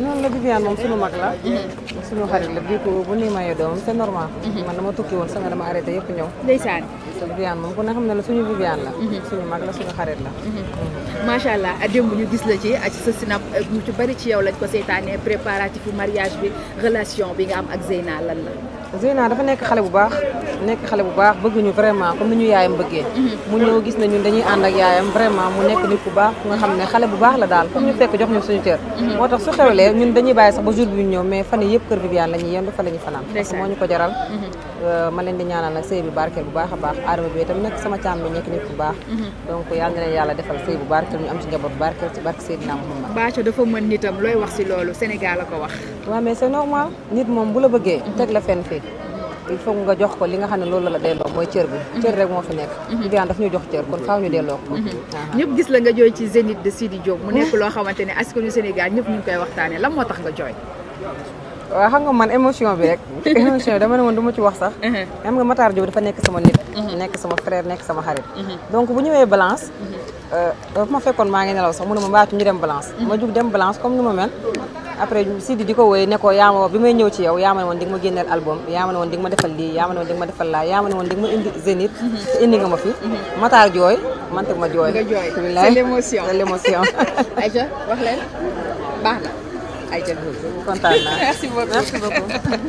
noonu la Viviane moom suñu mag la suñu xarit la bii ko bu nii mayee doomam c'est normal mhm. man dama tukki woon sama dama arrêté yëpp ñëw ndeysaan Viviane moom ku ne xam ne la suñu Viviane la mhm. suñu mag la suñu xarit la mhm. macha allah démb ñu gis la ci ci sa sinap ñu ci bari ci yow lañ ko seetaanee préparatif mariage bi relation bi nga am ak Zeyna lan la Zeyna dafa nekk xale bu baax nekk xale bu baax bëgg ñu comme ni ñu yaayam bëggee mhm. mu ñëw gis na ñun dañuy ànd ak yaayam vraiment mu nekk nit ku baax ku nga xam ne xale bu baax la daal comme ñu fekk jox ñu suñu cër mhm. moo tax su xewlee ñun dañuy bàyyi sax ba jour bi ñu mais fan yi yëpp kër Viviane la ñuy yendu fa la ñuy fanaan parce que ñu ko jaral mhm. euh, ma leen di ñaanal nag sëy bu barkeel bu baax a baax aadama bi itam nekk sama càmm bi nekk nit ko wax waaw bi il faut nga jox ko li nga xam ne loolu la delloo mooy cër bi mhm. cër rek moo fi nekk Viviane mhm. daf ñu jox cër kon faaw ñu delloo ko mhm. ñëpp gis la nga jooy ci Zénith de ñu koy waxtaanee lan moo tax nga jooy waaw xam nga man émotion bi rek dafa nekk sama nit nekk sama frère nekk sama xarit donc bu ñëwee balance euh, bu ma fekkoon maa ngi nelaw sax mu ne ma mbaatu ñu dem balance ma jug dem balance comme ni ma mel après Sidi di ko woy ne ko bi may ñëw ci yow yaa ma ne woon ma génneel album yaa ma ne woon ma defal lii yaa ma ne woon ma defal laa yaa ma ne woon ma indi Zénith mhm. indi nga ma fi mhm. Matar jooy man teg ma jooy nga merci beaucoup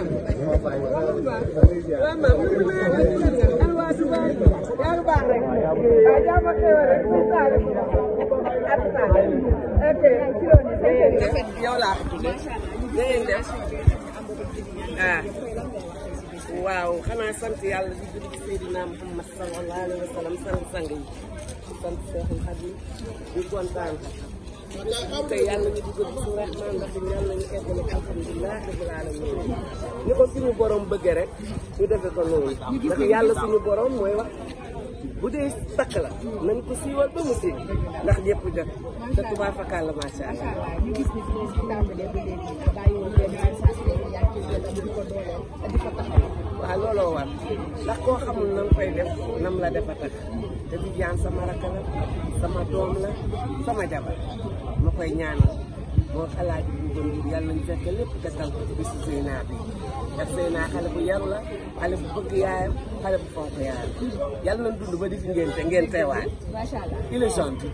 waaw xanaa sant yàlla di julli Seydina Muhammad sallallahu alayhi wa sallam sang sang yi sant Seexul Xadim di kontaan te yàlla ñu dugg bismilaahi rahmaani rahiim yàlla ñu ni ko suñu borom bëggee rek ñu defee ko noonu ndax yàlla suñu borom mooy wax bu dee takk la nañ ko siiwal ba mu si ndax ñëpp jot te tubaab fakkaat la macha allah. looloo war ndax koo xamul na nga koy def nam la defa tax te Viviane sama rakk la sama doom la sama jabar ma koy ñaanal moo xalaat bu yàlla nañ fekk lépp te ko ci bisu Seyna bi ndax Seyna xale bu yaru la xale bu bëgg yaayam xale bu fonk yaayam yàlla nañ dund ba di fi ngénte ngeen il est gentil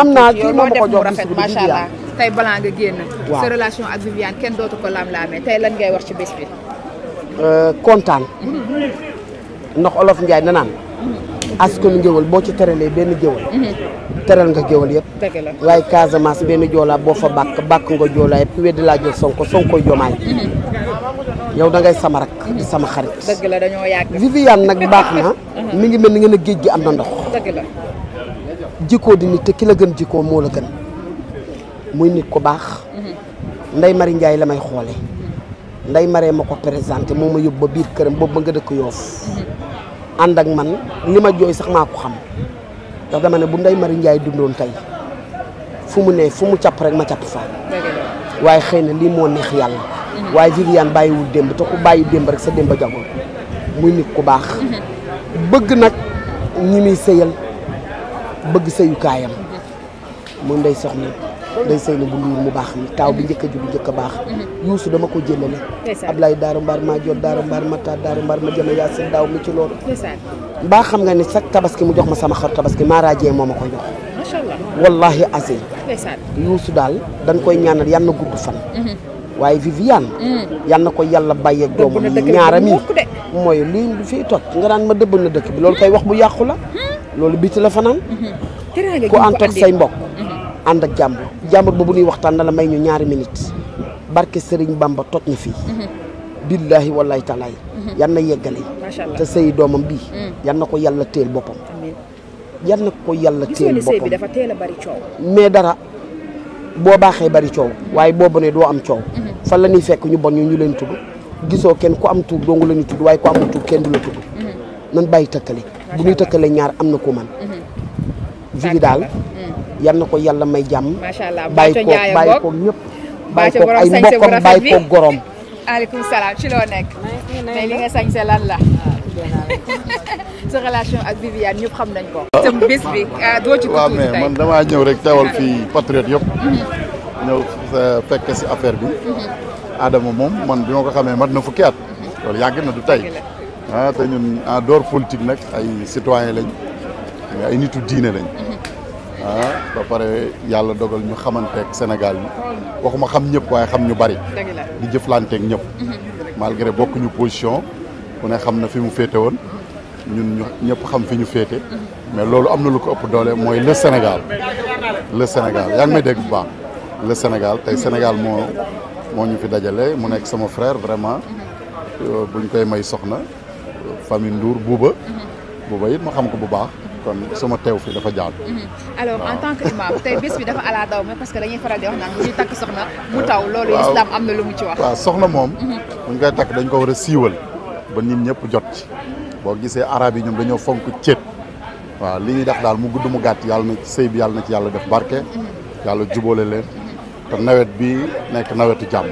am naa kii moom ma ko jox macha allah. tey balaa nga génn. relation ak kenn dootu ko lam-laamee tey lan ngay wax ci bés bi. Euh, kontaan. ndox olof njaay nanaan naan. askanu géwal boo ci teralee benn géwal. teral nga géwal yëpp. waaye Casamance benn joolaa boo fa bàkk bàkk nga joolaa yëpp ku weddi laa sonko sonkoy jomaay. yow da sama rak di sama xarit. dëgg la dañoo nag baax na. Uh-huh. mi ngi mel ngeen a géej gi am na ndox. dëgg di nit te ki gën jikkoo moo la gën. muy nit ku baax Ndeye mari Ndiaye la may xoole Ndeye mari ma ko présenté moo ma yóbbu ba biir këram boobu ba nga dëkk yoof ànd ak man li ma jooy sax maa ko xam ndax dama ne bu Ndeye mari Ndiaye dundoon tey fu mu ne fu mu càpp rek ma càpp fa waaye xëy na lii moo neex yàlla waaye Viviane bàyyiwul demb te ku bàyyi démb rek sa ba jagoon muy nit ku baax bëgg nag ñi muy sëyal bëgg sëyukaayam mu ndey soxna day sëy na bu nduur mu baax mi taaw bi njëkk a bu njëkk a baax mm-hmm. yuusu dama ko jëlale Ablaye daara mbaar maa jot daara mbaar ma taat daara mbaar ma jëma yaa seen daaw mi ci loolu baa xam nga ne chaque tabaski mu jox ma sama xar tabaski maaraajee moo ma ko jox wallahi azim yuusu daal dañ koy ñaanal yal na gudd fan mm-hmm. waaye Viviane mm. yal na ko yàlla bàyyi ak doomam yi ñaaram yi mooy lii du fiy toj nga naan ma dëbb na dëkk bi loolu koy wax bu yàqu la mm. loolu biti la fanaan mm-hmm. ku ànd ak say mbokk ànd ak jàmbur jàmbur boobu ñuy waxtaan dana may ñu ñaari minutes barke Serigne Bamba toj ñu fii. Mhm. billaahi wallaahi taalaay. Mhm. yan na yeggale. macha allah doomam bii. Mhm. yan na ko yàlla teel boppam. yan na ko yàlla teel boppam bi dafa teel mais dara boo baaxee bari coow waaye boo bonee doo am coow. fan la ñuy fekk ñu bon ñu ñu leen tudd gisoo kenn ku am tur dong la ñu tudd waaye ku am tur kenn du la tudd. nan bàyyi tëkkale bu ñuy tëkkale ñaar am na ku man. jigi daal. yal na ko yàlla may jàmm. macha allah bàyyi ko bàyyi ko ñëpp. bàyyi ko ay salaam ci loo nekk. tey li nga sañse lan la. sa relation ak Viviane ñëpp xam nañ ko. Ah. sa ah, man damaa ñëw rek teewal ah. fi patriote yëpp. Hmm. ñëw fekk si affaire bi. Hmm. Adama moom man bi ma ko xamee mat na fukki at. Hmm. loolu yàgg na du tey. ah te ñun en dehors politique nag ay citoyen lañ. ay nitu diine lañ. ba pare yàlla dogal ñu xamanteeg Sénégal yi waxuma xam ñëpp waaye xam ñu bari. di jëflanteeg ñëpp. Mm-hmm. malgré bokkuñu position ku ne xam na fi mu féete woon ñun ñëpp xam fi ñu féete. Mm-hmm. mais loolu am na lu ko ëpp doole mooy le Sénégal le Sénégal yaa ngi may dégg bu baax le Sénégal tey Sénégal moo moo ñu fi dajale mu nekk sama frair vraiment mm-hmm. euh, buñ koy may soxna famille Ndour buuba Bouba it ma xam ko bu baax. kon sama tew fi dafa jaal mhm. alors en tant que imam tey bés bi dafa ala daw mais parce que dañuy faral wax naan bu ñuy takk soxna mu taw loolu islam am na lu mu ci wax soxna moom mhm. bu ñu koy takk dañ ko war a siiwal ba nit ñëpp jot boo gisee arab yi ñoom dañoo fonk céet waaw li ñuy def daal mu gudd mu gàtt yàlla na sëy bi yàlla na ci yàlla def barke mhm. yàlla jubóole leen te nawet bi nekk nawetu jàmm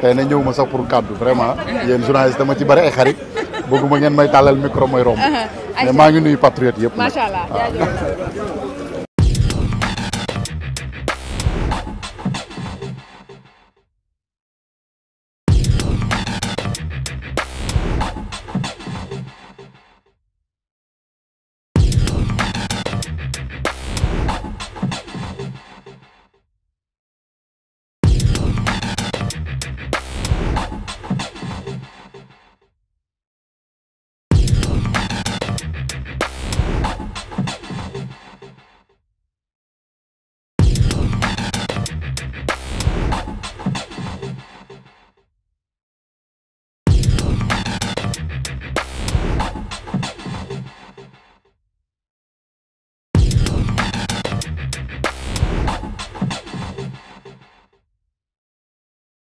tey na ñëw ma sax pour kàddu vraiment yéen journaliste dama ci bari ay bëgguma ngeen may tàllal micro mooy romb. mais maa ngi nuyu patriote yëpp. macha